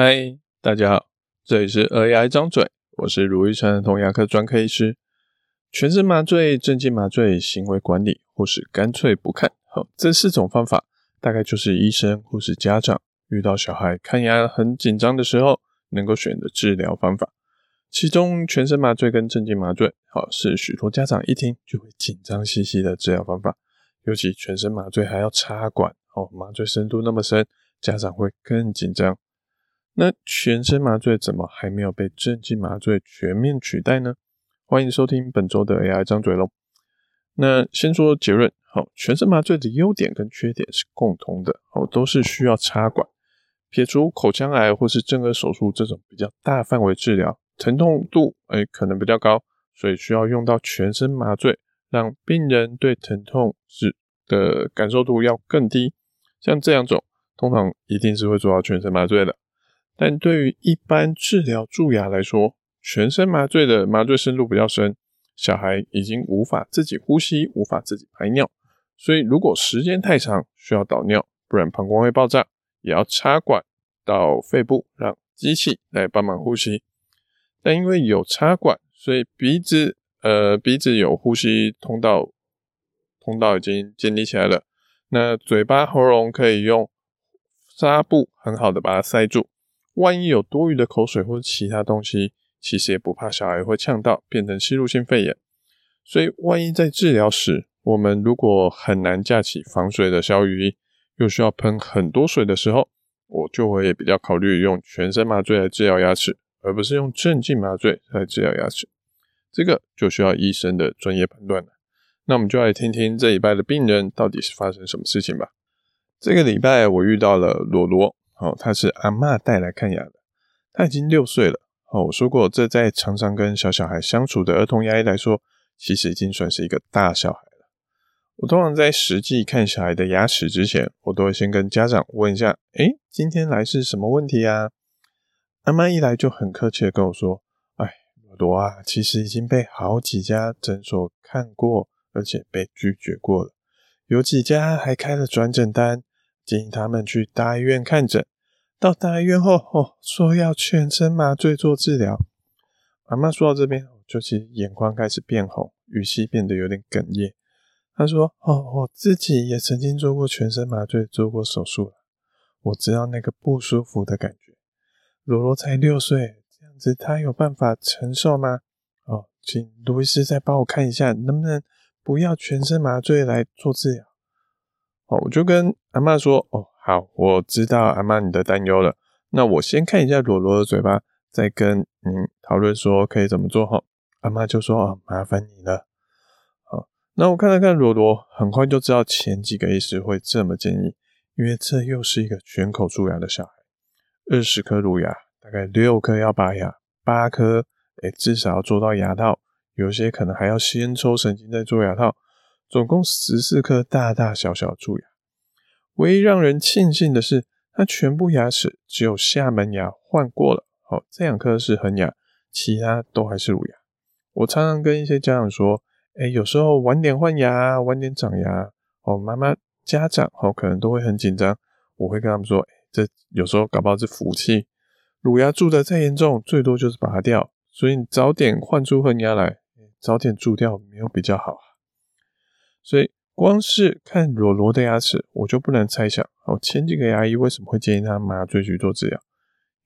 嗨，Hi, 大家好，這裡是兒牙一張嘴，我是盧玉川，兒童牙科專科醫師。全身麻醉、鎮靜麻醉、行為管理，或是乾脆不看，哦，這四種方法，大概就是醫生或是家長遇到小孩看牙很緊張的時候，能夠選的治療方法。其中，全身麻醉跟鎮靜麻醉，好，哦，是許多家長一聽就會緊張兮兮的治療方法。尤其全身麻醉還要插管，哦，麻醉深度那麼深，家長會更緊張。那全身麻醉怎麼還沒有被鎮靜麻醉全面取代呢？歡迎收聽本週的兒牙一張嘴囉。那先說結論，好，全身麻醉的優點跟缺點是共通的，哦，都是需要插管。撇除口腔癌或是正顎手術這種比較大範圍治療，疼痛度哎可能比較高，所以需要用到全身麻醉，讓病人對疼痛是的感受度要更低。像這兩種，通常一定是會做到全身麻醉的。但對於一般治療蛀牙來說，全身麻醉的麻醉深度比較深，小孩已經無法自己呼吸，無法自己排尿，所以如果時間太長，需要導尿，不然膀胱會爆炸，也要插管到肺部，讓機器來幫忙呼吸。但因為有插管，所以鼻子，呃，鼻子有呼吸通道，通道已經建立起來了。那嘴巴、喉嚨可以用紗布很好的把它塞住。萬一有多餘的口水或者其他東西，其實也不怕小孩會嗆到，變成吸入性肺炎。所以，萬一在治療時，我們如果很難架起防水的小雨衣，又需要噴很多水的時候，我就會比較考慮用全身麻醉來治療牙齒，而不是用鎮靜麻醉來治療牙齒。這個就需要醫生的專業判斷了。那我們就來聽聽這禮拜的病人到底是發生什麼事情吧。這個禮拜我遇到了羅羅。哦，她是阿嬤帶來看牙的，她已經六歲了。哦，我說過，這在常常跟小小孩相處的兒童牙醫來說，其實已經算是一個大小孩了。我通常在實際看小孩的牙齒之前，我都會先跟家長問一下，誒、欸，今天來是什麼問題啊？阿嬤一來就很客氣的跟我說，哎，朵朵啊，其實已經被好幾家診所看過，而且被拒絕過了，有幾家還開了轉診單。建議他們去大醫院看診。到大醫院後，哦，說要全身麻醉做治療。媽媽說到這邊，就其實眼眶開始變紅，語氣變得有點哽咽。她說：“哦，我自己也曾經做過全身麻醉做過手術了，我知道那個不舒服的感覺。羅羅才六歲，這樣子他有辦法承受嗎？哦，請盧醫師再幫我看一下，能不能不要全身麻醉來做治療？”哦，我就跟阿嬤說，哦，好，我知道阿嬤你的擔憂了。那我先看一下羅羅的嘴巴，再跟嗯討論說可以怎麼做哈、哦。阿嬤就說啊、哦，麻煩你了。好，那我看了看羅羅，很快就知道前幾個醫師會這麼建議，因為這又是一個全口蛀牙的小孩，二十顆乳牙，大概六顆要拔牙，八顆，誒、欸、至少要做到牙套，有些可能還要先抽神經再做牙套。總共十四顆大大小小蛀牙，唯一讓人慶幸的是，它全部牙齒只有下門牙換過了。哦，這兩顆是恆牙，其他都還是乳牙。我常常跟一些家長說，哎、欸，有時候晚點換牙，晚點長牙。哦，媽媽、家長哦，可能都會很緊張。我會跟他們說、欸，這有時候搞不好是福氣。乳牙蛀得再嚴重，最多就是拔掉。所以你早點換出恆牙來，早點蛀掉，沒有比較好。所以光是看裸裸的牙齒，我就不難猜想，好、哦、前幾個牙醫為什麼會建議他麻醉去做治療。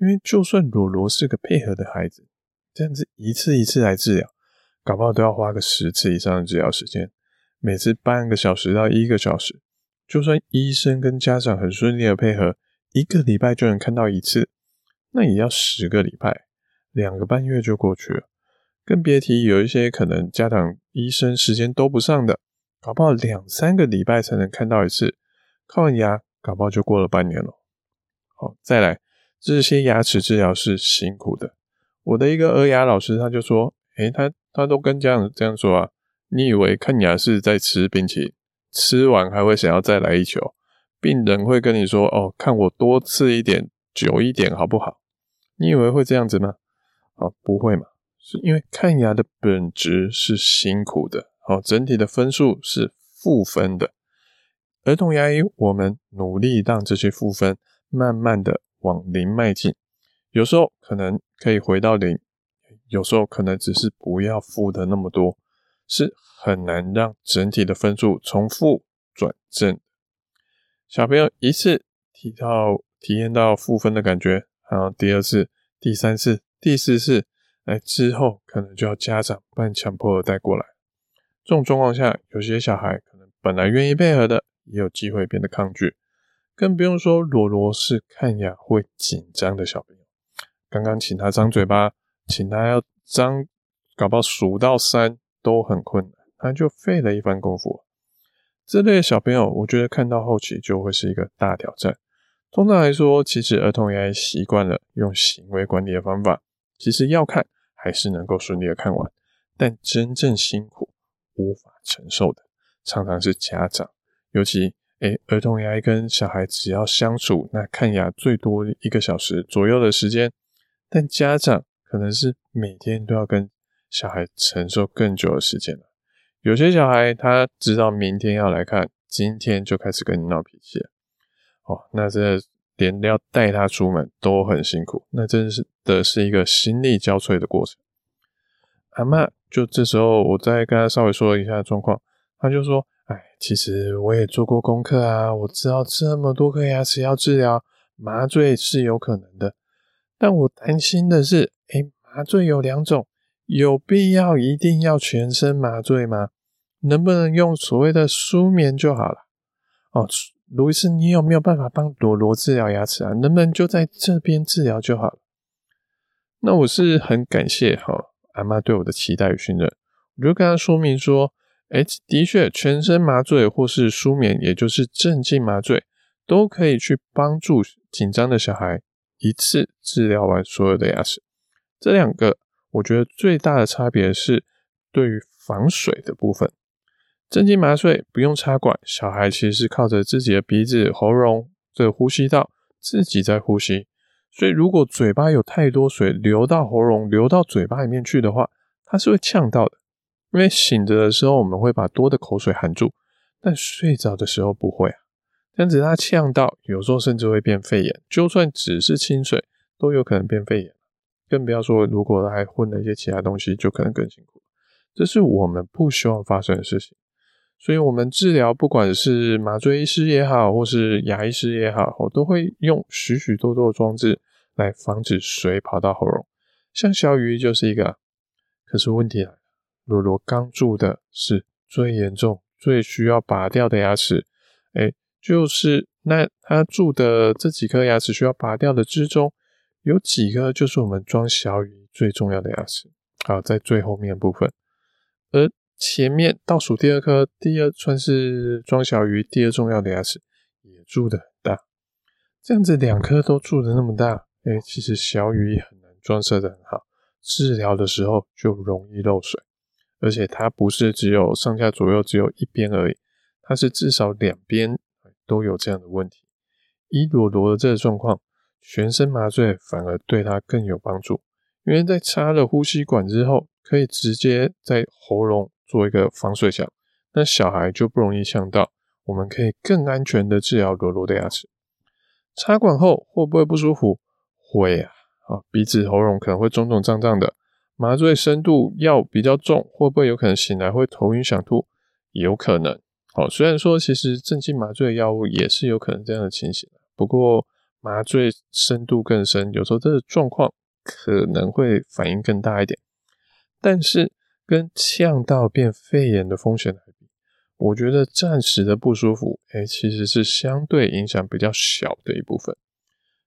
因為就算裸裸是個配合的孩子，這樣子一次一次來治療，搞不好都要花個十次以上的治療時間，每次半個小時到一個小時。就算醫生跟家長很順利的配合，一個禮拜就能看到一次，那也要十個禮拜，兩個半月就過去了。更別提有一些可能家長、醫生時間都不上的。搞不好兩三個禮拜才能看到一次，看完牙搞不好就過了半年了。好，哦，再來，這些牙齒治療是辛苦的。我的一個兒牙老師他就說：“誒，他他都跟家長這樣說啊，你以為看牙是在吃冰淇淋，吃完還會想要再來一球？病人會跟你說：‘哦，看我多吃一點，久一點，好不好？’你以為會這樣子嗎？哦，不會嘛，是因為看牙的本質是辛苦的。”哦，整體的分數是負分的。兒童牙醫，我們努力讓這些負分慢慢的往零邁進。有時候可能可以回到零，有時候可能只是不要負的那麼多，是很難讓整體的分數從負轉正。小朋友一次提到體驗到負分的感覺，然後第二次、第三次、第四次，哎，之後可能就要家長半強迫的帶過來。這種狀況下，有些小孩可能本來願意配合的，也有機會變得抗拒，更不用說羅羅是看牙會緊張的小朋友。剛剛請他張嘴巴，請他要張，搞不好數到三都很困難，他就費了一番功夫。這類的小朋友，我覺得看到後期就會是一個大挑戰。通常來說，其實兒童牙醫習慣了用行為管理的方法，其實要看還是能夠順利的看完，但真正辛苦，無法承受的，常常是家長，尤其哎，兒童牙醫跟小孩只要相處，那看牙最多一個小時左右的時間，但家長可能是每天都要跟小孩承受更久的時間了。有些小孩他知道明天要來看，今天就開始跟你鬧脾氣了。哦，那真的連要帶他出門都很辛苦，那真是的是一個心力交瘁的過程。阿嬤。就這時候，我再跟他稍微說一下狀況，他就說：“哎，其實我也做過功課啊，我知道這麼多顆牙齒要治療，麻醉是有可能的。但我擔心的是，哎、欸，麻醉有兩種，有必要一定要全身麻醉嗎？能不能用所謂的舒眠就好了？哦，盧醫師，你有沒有辦法幫朵朵治療牙齒啊？能不能就在這邊治療就好了？那我是很感謝哈。”媽媽對我的期待與信任，我就跟他說明說：“誒、欸，的確，全身麻醉或是舒眠，也就是鎮靜麻醉，都可以去幫助緊張的小孩一次治療完所有的牙齒。這兩個，我覺得最大的差別是對於防水的部分，鎮靜麻醉不用插管，小孩其實是靠着自己的鼻子、喉嚨的呼吸道自己在呼吸。”所以，如果嘴巴有太多水流到喉嚨、流到嘴巴裡面去的話，它是會嗆到的。因為醒着的時候，我們會把多的口水含住，但睡着的時候不會啊。這樣子它嗆到，有時候甚至會變肺炎。就算只是清水，都有可能變肺炎，更不要說如果還混了一些其他東西，就可能更辛苦。這是我們不希望發生的事情。所以，我們治療，不管是麻醉醫師也好，或是牙醫師也好，我都會用許許多多的裝置來防止水跑到喉嚨。像小魚就是一個、啊。可是問題來、啊，了，羅羅剛蛀的是最嚴重、最需要拔掉的牙齒。哎、欸，就是那他蛀的這幾顆牙齒需要拔掉的之中，有幾顆就是我們裝小魚最重要的牙齒。好，在最後面部分，而前面倒數第二顆，第二算是裝小魚第二重要的牙齒，也蛀的很大。這樣子兩顆都蛀的那麼大，哎、欸，其實小魚也很難裝設的很好，治療的時候就容易漏水，而且它不是只有上下左右只有一邊而已，它是至少兩邊都有這樣的問題。一坨坨的這個狀況，全身麻醉反而對它更有幫助，因為在插了呼吸管之後，可以直接在喉嚨。做一個防水牆，那小孩就不容易嗆到，我們可以更安全的治療羅羅的牙齒。插管後會不會不舒服？會啊，啊鼻子喉嚨可能會腫腫脹脹的。麻醉深度藥比較重，會不會有可能醒來會頭暈想吐？有可能。哦，雖然說其實鎮靜麻醉藥物也是有可能這樣的情形，不過麻醉深度更深，有時候這個狀況可能會反應更大一點，但是。跟嗆到變肺炎的風險來比，我覺得暫時的不舒服，哎、欸，其實是相對影響比較小的一部分。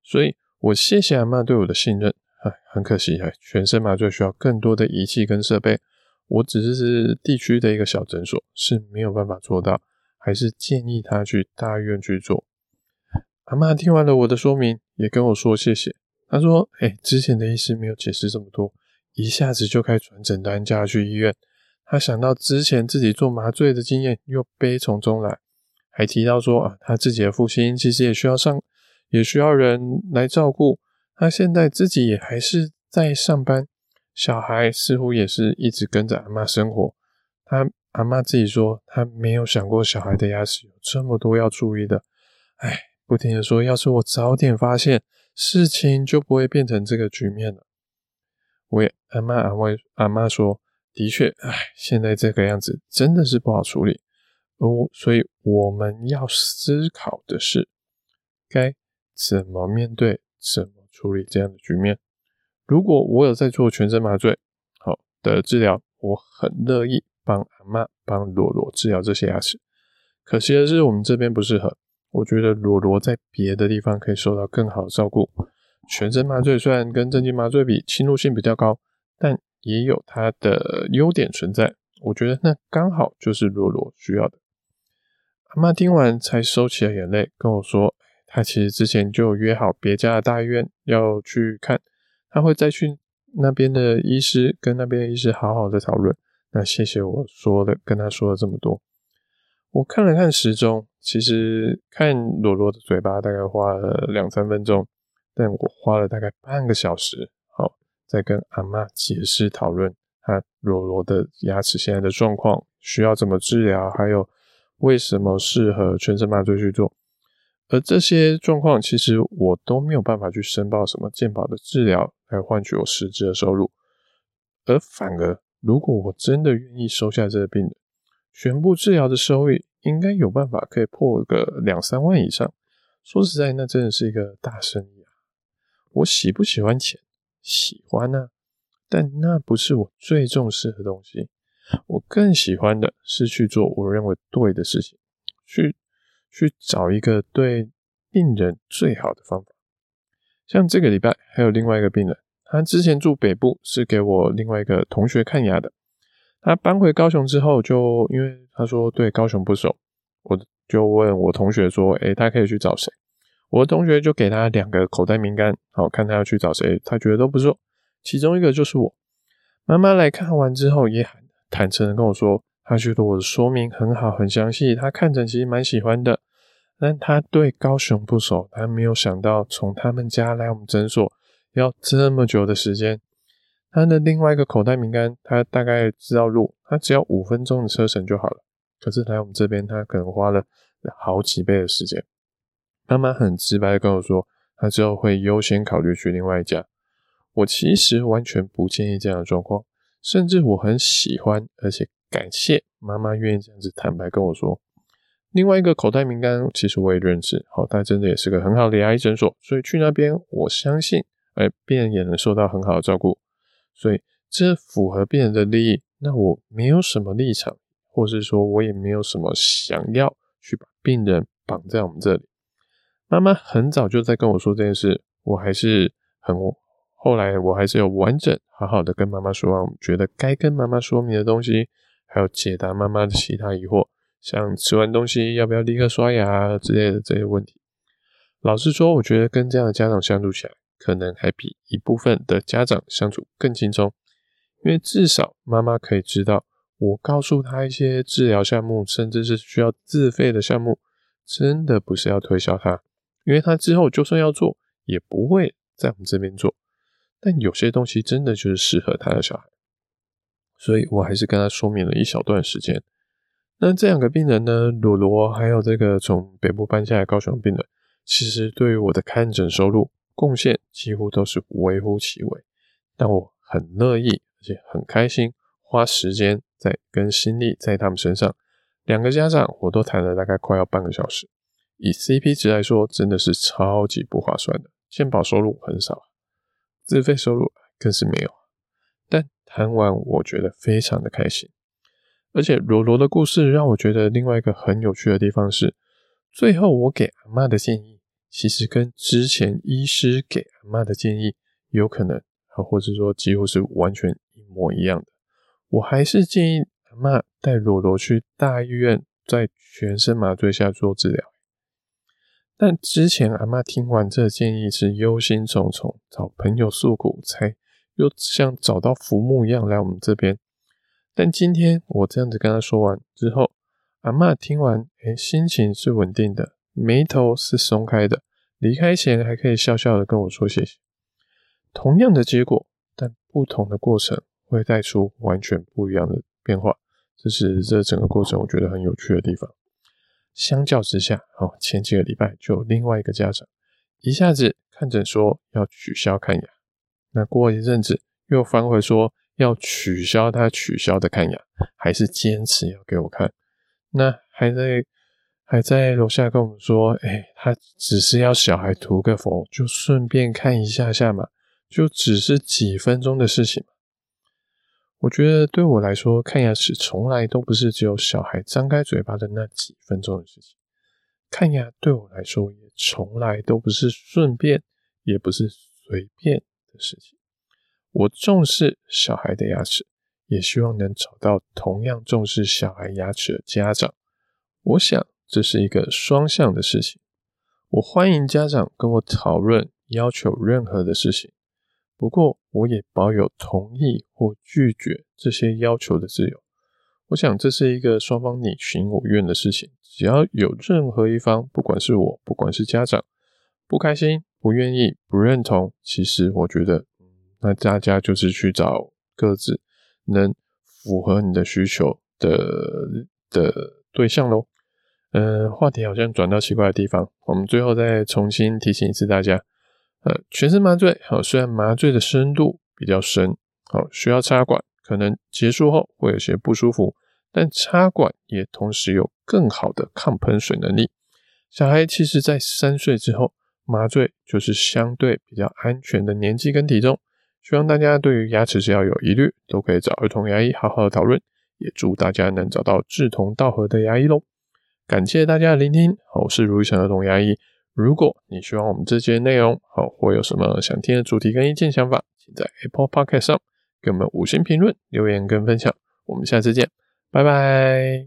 所以，我謝謝阿嬤對我的信任。哎，很可惜，哎，全身麻醉需要更多的儀器跟設備，我只是是地區的一個小診所，是沒有辦法做到，還是建議他去大醫院去做。阿嬤聽完了我的說明，也跟我說謝謝。她說，哎、欸，之前的醫師沒有解釋這麼多。一下子就開轉診單，叫他去醫院。他想到之前自己做麻醉的經驗，又悲從中來，還提到說啊，他自己的父親其實也需要上，也需要人來照顧。他現在自己也還是在上班，小孩似乎也是一直跟着阿嬤生活。他阿嬤自己說，他沒有想過小孩的牙齒有這麼多要注意的，唉，不停的說，要是我早點發現，事情就不會變成這個局面了。我也阿嬤阿嬤阿嬤說，的確，唉，現在這個樣子真的是不好處理。我、哦，所以我們要思考的是，該怎麼面對，怎麼處理這樣的局面。如果我有在做全身麻醉好的治療，我很樂意幫阿嬤幫羅羅治療這些牙齒。可惜的是，我們這邊不適合。我覺得羅羅在別的地方可以受到更好的照顧。全身麻醉雖然跟鎮靜麻醉比侵入性比較高，但也有它的優點存在。我覺得那剛好就是羅羅需要的。阿嬤聽完才收起了眼淚，跟我說，她其實之前就約好別家的大醫院要去看，她會再去那邊的醫師跟那邊的醫師好好的討論。那謝謝我說的，跟他說了這麼多。我看了看時鐘，其實看羅羅的嘴巴大概花了兩三分鐘。但我花了大概半個小時，好在跟阿嬤解釋討論她羅羅的牙齒現在的狀況，需要怎麼治療，還有為什麼適合全身麻醉去做。而這些狀況其實我都沒有辦法去申報什麼健保的治療，來換取我實質的收入。而反而，如果我真的願意收下這個病人，全部治療的收益應該有辦法可以破個兩三萬以上。說實在，那真的是一個大生意。我喜不喜歡錢？喜歡啊，但那不是我最重視的東西。我更喜歡的是去做我認為對的事情，去去找一個對病人最好的方法。像這個禮拜還有另外一個病人，他之前住北部，是給我另外一個同學看牙的。他搬回高雄之後，就因為他說對高雄不熟，我就問我同學說：“誒，他可以去找誰？”我的同學就給他兩個口袋名單，好，看他要去找誰，他覺得都不錯。其中一個就是我。媽媽來看完之後，也很坦誠的跟我說，她覺得我的說明很好、很詳細，她看診其實蠻喜歡的。但她對高雄不熟，她沒有想到從他們家來我們診所要這麼久的時間。她的另外一個口袋名單，她大概知道路，她只要五分鐘的車程就好了。可是來我們這邊，她可能花了好幾倍的時間。媽媽很直白地跟我說，她之後會優先考慮去另外一家。我其實完全不介意這樣的狀況，甚至我很喜歡，而且感謝媽媽願意這樣子坦白跟我說。另外一個口袋名單，其實我也認識，好、哦，它真的也是個很好的牙醫診所，所以去那邊我相信，哎、呃，病人也能受到很好的照顧，所以這符合病人的利益。那我沒有什麼立場，或是說我也沒有什麼想要去把病人綁在我們這裡。媽媽很早就在跟我說這件事，我還是很，後來我還是有完整好好的跟媽媽說完，覺得該跟媽媽說明的東西，還有解答媽媽的其他疑惑，像吃完東西要不要立刻刷牙之類的這些問題。老實說，我覺得跟這樣的家長相處起來，可能還比一部分的家長相處更輕鬆，因為至少媽媽可以知道，我告訴她一些治療項目，甚至是需要自費的項目，真的不是要推銷她。因為他之後就算要做，也不會在我們這邊做。但有些東西真的就是適合他的小孩，所以我還是跟他說明了一小段時間。那這兩個病人呢，魯羅還有這個從北部搬下來高雄的病人，其實對於我的看診收入貢獻幾乎都是微乎其微，但我很樂意而且很開心花時間在跟心力在他們身上。兩個家長我都談了大概快要半個小時。以 CP 值來說，真的是超級不划算的。健保收入很少，自費收入更是沒有。但談完，我覺得非常的開心。而且羅羅的故事讓我覺得另外一個很有趣的地方是，最後我給阿嬤的建議，其實跟之前醫師給阿嬤的建議，有可能啊，或者說幾乎是完全一模一樣的。我還是建議阿嬤帶羅羅去大醫院，在全身麻醉下做治療。但之前阿嬤聽完這建議是憂心忡忡，找朋友訴苦，才又像找到浮木一樣來我們這邊。但今天我這樣子跟他說完之後，阿嬤聽完，哎、欸，心情是穩定的，眉頭是鬆開的，離開前還可以笑笑的跟我說謝謝。同樣的結果，但不同的過程，會帶出完全不一樣的變化。這是這整個過程我覺得很有趣的地方。相較之下，哦，前幾個禮拜就有另外一個家長，一下子看診說要取消看牙，那過一陣子又反悔說要取消他取消的看牙，還是堅持要給我看，那還在還在樓下跟我們說，誒、欸，他只是要小孩塗個氟，就順便看一下下嘛，就只是幾分鐘的事情。我覺得對我來說，看牙齒從來都不是只有小孩張開嘴巴的那幾分鐘的事情。看牙對我來說也從來都不是順便，也不是隨便的事情。我重視小孩的牙齒，也希望能找到同樣重視小孩牙齒的家長。我想這是一個雙向的事情。我歡迎家長跟我討論，要求任何的事情。不過，我也保有同意或拒絕這些要求的自由。我想這是一個雙方你情我願的事情。只要有任何一方，不管是我，不管是家長，不開心、不願意、不認同，其實我覺得，那大家就是去找各自能符合你的需求的的對象嘍。嗯，話題好像轉到奇怪的地方。我們最後再重新提醒一次大家。全身麻醉好，雖然麻醉的深度比較深，好需要插管，可能結束後會有些不舒服，但插管也同時有更好的抗噴水能力。小孩其實在三歲之後，麻醉就是相對比較安全的年紀跟體重。希望大家對於牙齒只要有疑慮，都可以找兒童牙醫好好的討論，也祝大家能找到志同道合的牙醫嘍。感謝大家的聆聽，我是如意城兒童牙醫。如果你喜歡我們這期的內容，哦，或有什麼想聽的主題跟意見想法，請在 Apple Podcast 上給我們五星評論、留言跟分享。我們下次見，拜拜。